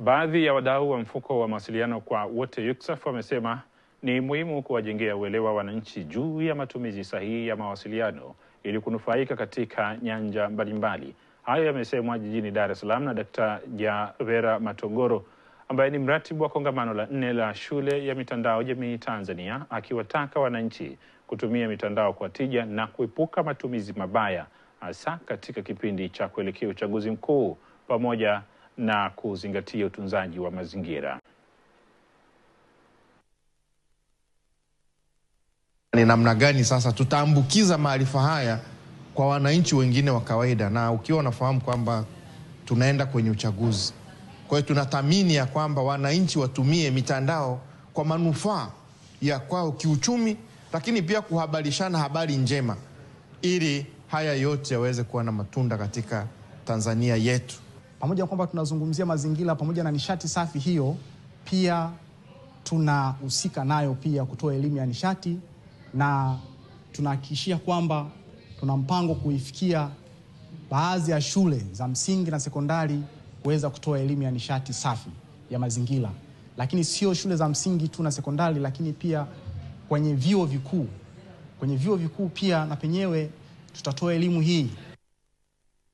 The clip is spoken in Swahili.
Baadhi ya wadau wa mfuko wa mawasiliano kwa wote UCSAF wamesema ni muhimu kuwajengea uelewa wananchi juu ya matumizi sahihi ya mawasiliano ili kunufaika katika nyanja mbalimbali. Hayo yamesemwa jijini Dar es Salaam na Dkt. Javera Matogoro ambaye ni mratibu wa kongamano la nne la shule ya mitandao jamii Tanzania, akiwataka wananchi kutumia mitandao kwa tija na kuepuka matumizi mabaya, hasa katika kipindi cha kuelekea uchaguzi mkuu pamoja na kuzingatia utunzaji wa mazingira. Ni namna gani sasa tutaambukiza maarifa haya kwa wananchi wengine wa kawaida, na ukiwa unafahamu kwamba tunaenda kwenye uchaguzi, kwa hiyo tunathamini ya kwamba wananchi watumie mitandao kwa manufaa ya kwao kiuchumi, lakini pia kuhabarishana habari njema, ili haya yote yaweze kuwa na matunda katika Tanzania yetu pamoja na kwamba tunazungumzia mazingira pamoja na nishati safi hiyo, pia tunahusika nayo pia kutoa elimu ya nishati, na tunahakikishia kwamba tuna mpango kuifikia baadhi ya shule za msingi na sekondari kuweza kutoa elimu ya nishati safi ya mazingira, lakini sio shule za msingi tu na sekondari, lakini pia kwenye vyuo vikuu. Kwenye vyuo vikuu pia na penyewe tutatoa elimu hii.